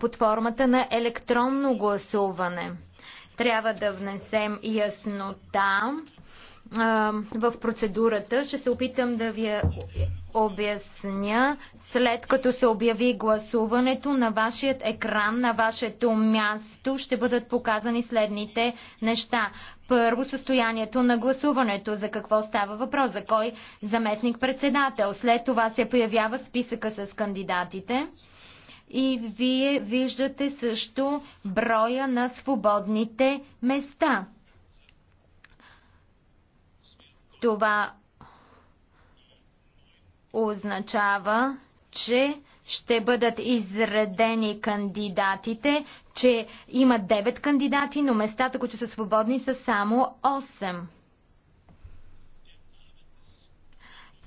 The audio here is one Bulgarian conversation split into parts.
под формата на електронно гласуване. Трябва да внесем яснота в процедурата. Ще се опитам да ви обясня, след като се обяви гласуването на вашият екран, на вашето място, ще бъдат показани следните неща. Първо, състоянието на гласуването, за какво става въпрос, за кой заместник председател. След това се появява списъка с кандидатите. И вие виждате също броя на свободните места. Това означава, че ще бъдат изредени кандидатите, че има 9 кандидати, но местата, които са свободни, са само 8.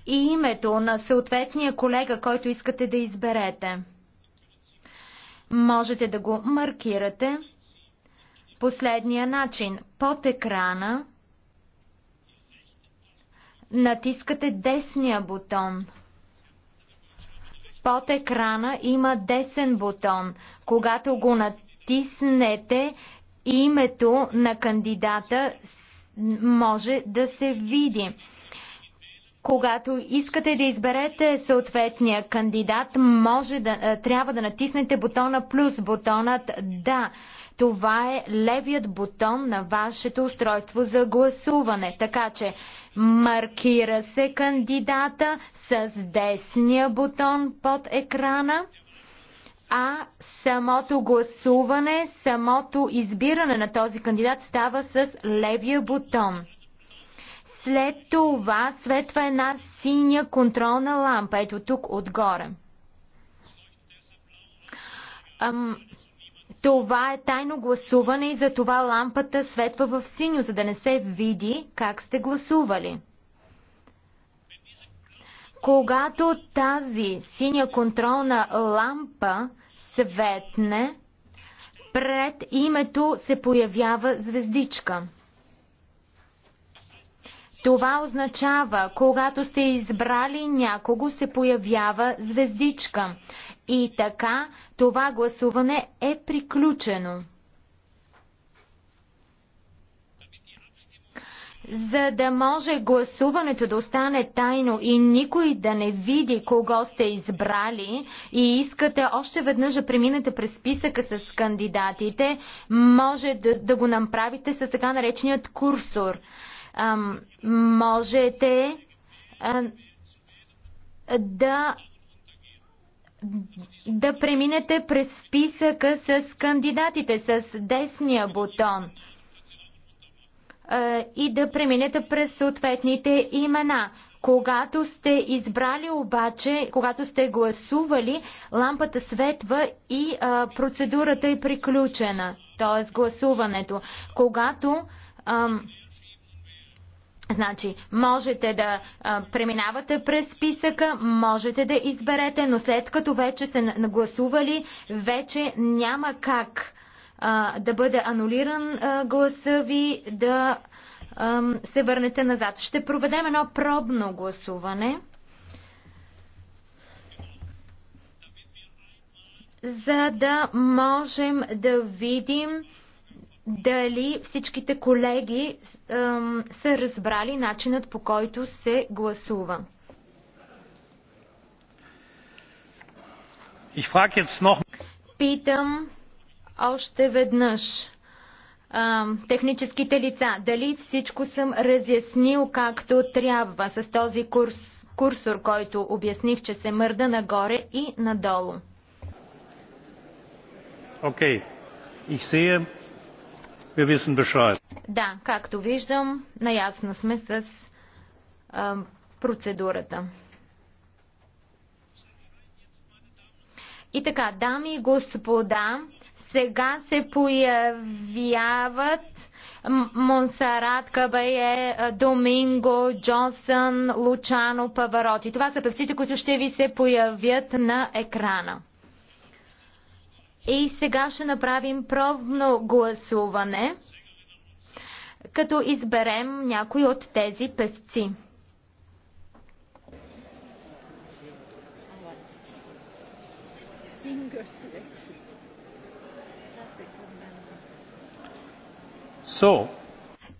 И името на съответния колега, който искате да изберете. Можете да го маркирате последния начин. Под екрана натискате десния бутон. Под екрана има десен бутон. Когато го натиснете, името на кандидата може да се види. Когато искате да изберете съответния кандидат, може да, е, трябва да натиснете бутона плюс, бутонът да. Това е левият бутон на вашето устройство за гласуване. Така че маркира се кандидата с десния бутон под екрана, а самото гласуване, самото избиране на този кандидат става с левия бутон. След това светва една синя контролна лампа, ето тук отгоре. Ам, това е тайно гласуване и за това лампата светва в синьо, за да не се види как сте гласували. Когато тази синя контролна лампа светне, пред името се появява звездичка. Това означава, когато сте избрали някого, се появява звездичка. И така това гласуване е приключено. За да може гласуването да остане тайно и никой да не види кого сте избрали и искате още веднъж да преминете през списъка с кандидатите, може да, да го направите с така нареченият курсор можете да да преминете през списъка с кандидатите, с десния бутон и да преминете през съответните имена. Когато сте избрали обаче, когато сте гласували, лампата светва и а, процедурата е приключена, т.е. гласуването. Когато Значи, можете да а, преминавате през списъка, можете да изберете, но след като вече сте нагласували, вече няма как а, да бъде анулиран а, гласа ви, да а, се върнете назад. Ще проведем едно пробно гласуване. За да можем да видим дали всичките колеги ем, са разбрали начинът по който се гласува. Noch... Питам още веднъж ем, техническите лица, дали всичко съм разяснил както трябва с този курс, курсор, който обясних, че се мърда нагоре и надолу. Окей. Okay. Ich sehe, да, както виждам, наясно сме с а, процедурата. И така, дами и господа, сега се появяват Монсарат Кабае, Доминго, Джонсън, Лучано, Павароти. Това са певците, които ще ви се появят на екрана. И сега ще направим пробно гласуване, като изберем някой от тези певци. So.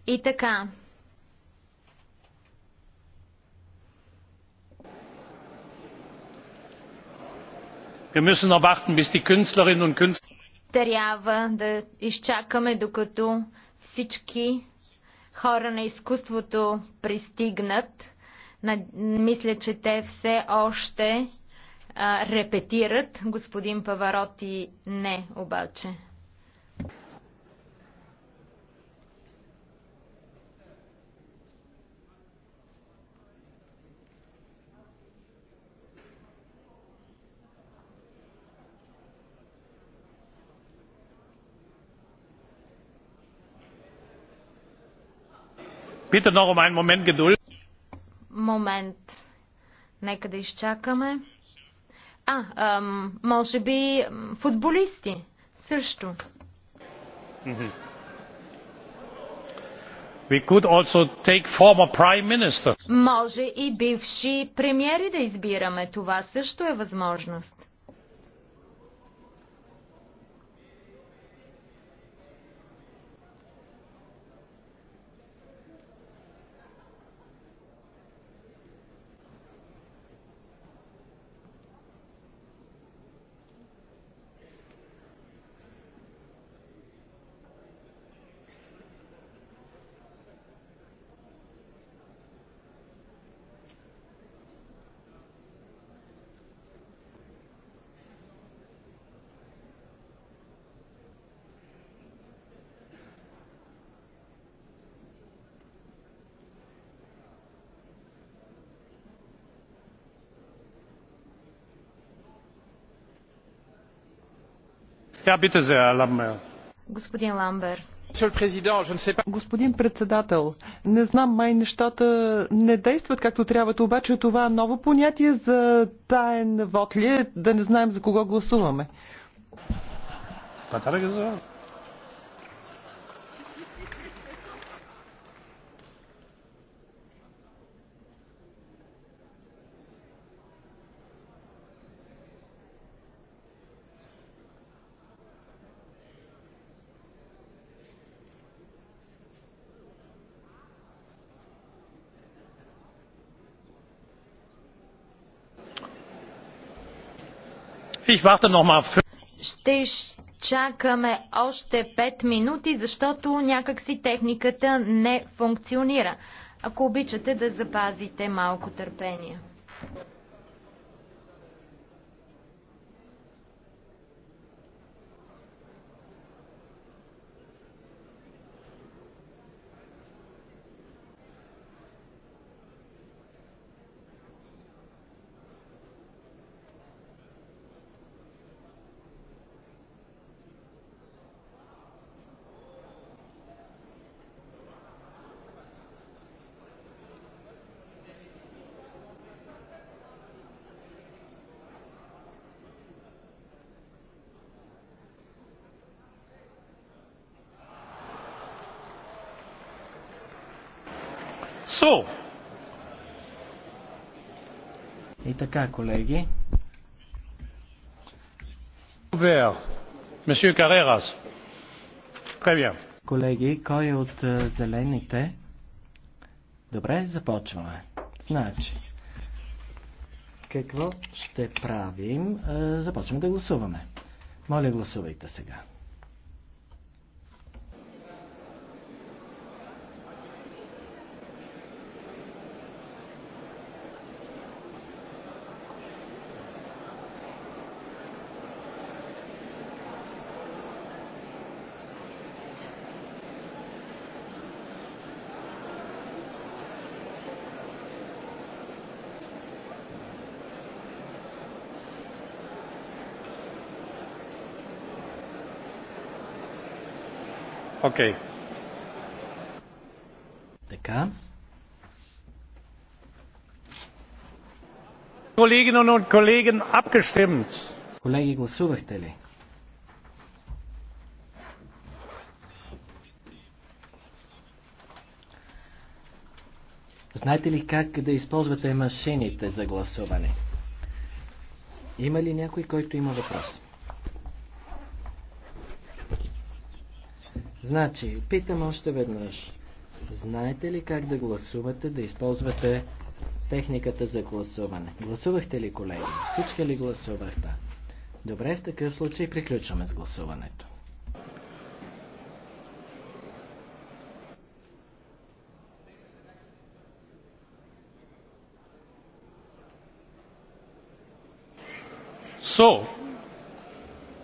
И така. Wir müssen noch warten, bis die Künstlerinnen und Künstler трябва да изчакаме докато всички хора на изкуството пристигнат. Мисля, че те все още а, репетират. Господин Павароти не обаче. Bitte много um момент ги Geduld. Момент. Нека да изчакаме. А, ам, може би футболисти също. We could also take former prime minister. Може и бивши премиери да избираме. Това също е възможност. Господин председател, не знам, май нещата не действат както трябва. обаче това ново понятие за таен вод ли е, да не знаем за кого гласуваме. Ще чакаме още 5 минути, защото някакси техниката не функционира. Ако обичате да запазите малко търпение. So. И така, колеги. Месье Карерас. Колеги, кой е от зелените? Добре, започваме. Значи, какво ще правим? Е, започваме да гласуваме. Моля, гласувайте сега. Окей. Okay. Така. Kolleginnen und Kollegen abgestimmt. Колеги, гласувахте ли? Знаете ли как да използвате машините за гласуване? Има ли някой, който има въпрос? Значи, питам още веднъж. Знаете ли как да гласувате, да използвате техниката за гласуване? Гласувахте ли, колеги? Всички ли гласувахте? Добре, в такъв случай приключваме с гласуването. So,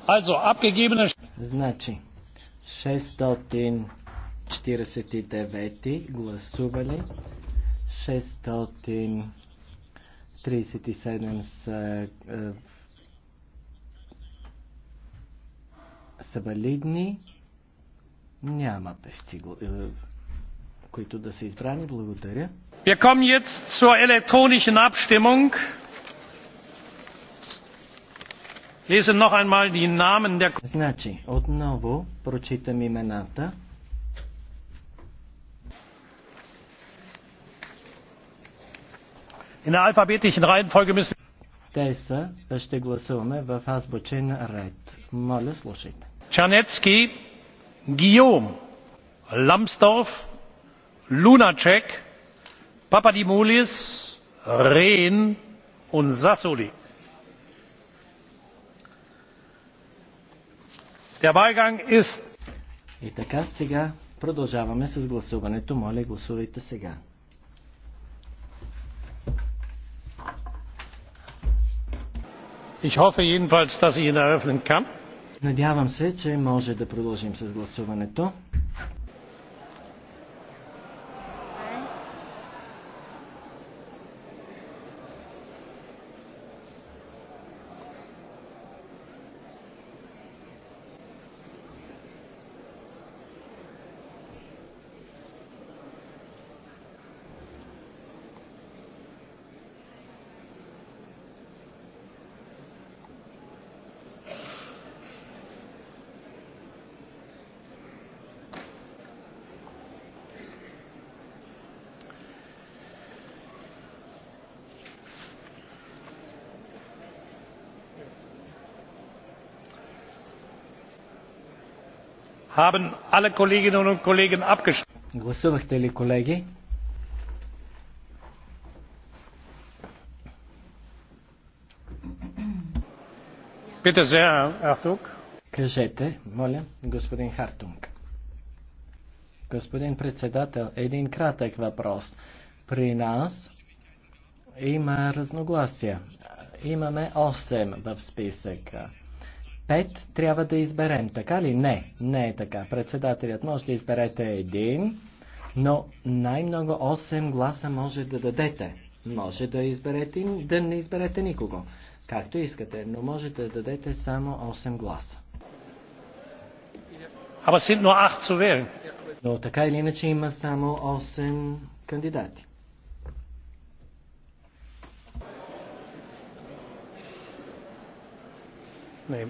also abgegebene... Значи, 649 гласували, 637 са, е, са валидни. Няма певци, е, които да са избрани. Благодаря. Wir kommen jetzt zur elektronischen Abstimmung. Лесе noch einmal die Namen der... Значи, отново прочитам имената. In der alphabetischen Reihenfolge müssen... Те са, ще гласуваме в азбучен ред. Моля, слушайте. Чанецки, Гийом, Ламсдорф, Луначек, Пападимулис, Рейн und Sassoli. Der Wahlgang ist... И така сега продължаваме с гласуването. Моля, гласувайте сега. Ich hoffe jedenfalls, dass ich ihn eröffnen kann. Надявам се, че може да продължим с гласуването. haben alle Kolleginnen und Kollegen abgestimmt. Гласувахте ли, колеги? Bitte sehr, Herr Кажете, моля, господин Хартунг. Господин председател, един кратък въпрос. При нас има разногласия. Имаме 8 в списъка пет трябва да изберем. Така ли? Не, не е така. Председателят може да изберете един, но най-много 8 гласа може да дадете. Може да изберете, да не изберете никого. Както искате, но може да дадете само 8 гласа. Но така или иначе има само 8 кандидати. name.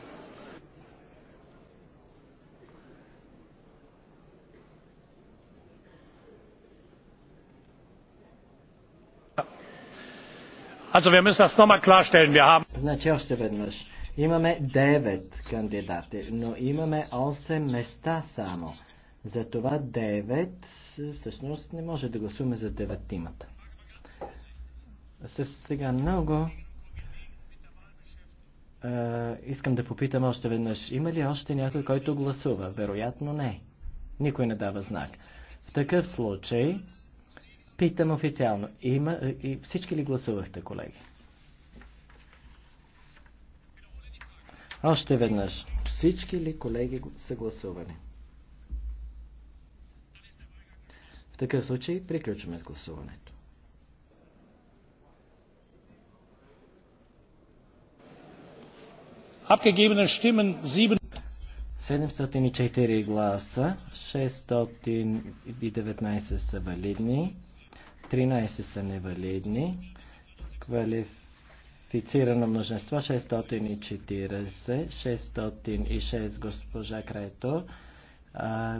Also wir müssen das nochmal klarstellen. Wir haben значи още веднъж. Имаме 9 кандидати, но имаме 8 места само. това 9 всъщност не може да гласуваме за деветимата. Сега много е, искам да попитам още веднъж. Има ли още някой, който гласува? Вероятно не. Никой не дава знак. В такъв случай Питам официално. Има, е, и всички ли гласувахте, колеги? Още веднъж. Всички ли колеги са гласували? В такъв случай приключваме с гласуването. Abgegebene Stimmen 704 гласа, 619 са валидни. 13 са невалидни. Квалифицирано множество 640, 606 госпожа Крето,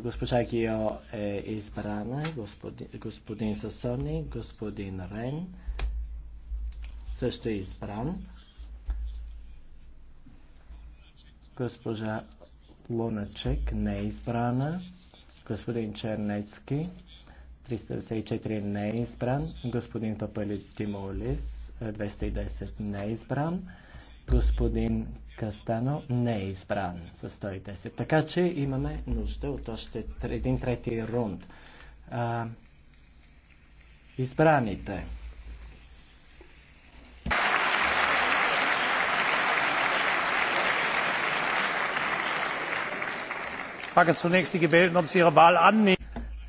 госпожа Гио е избрана, господин, господин Сасони, господин Рен също е избран. Госпожа Луначек не е избрана. Господин Чернецки 354 не е избран. Господин Папалитимолис е, Тимолис 210 не е избран. Господин Кастано не е избран с 110. Така че имаме нужда от още един трети рунд. А, избраните. frage zunächst die gewählten ob sie ihre wahl annehmen.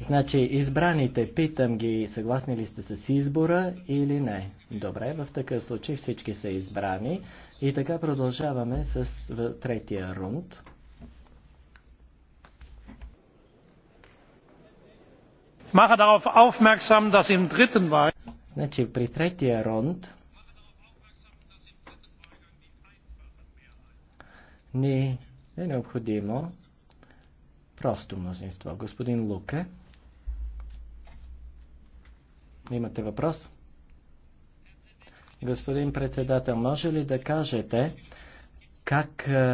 Значи, избраните, питам ги, съгласни ли сте с избора или не. Добре, в такъв случай всички са избрани. И така продължаваме с третия рунд. Маха darauf aufmerksam, dass im dritten Значи, при третия рунд ни е необходимо просто мнозинство. Господин Луке. Имате въпрос? Господин председател, може ли да кажете как е,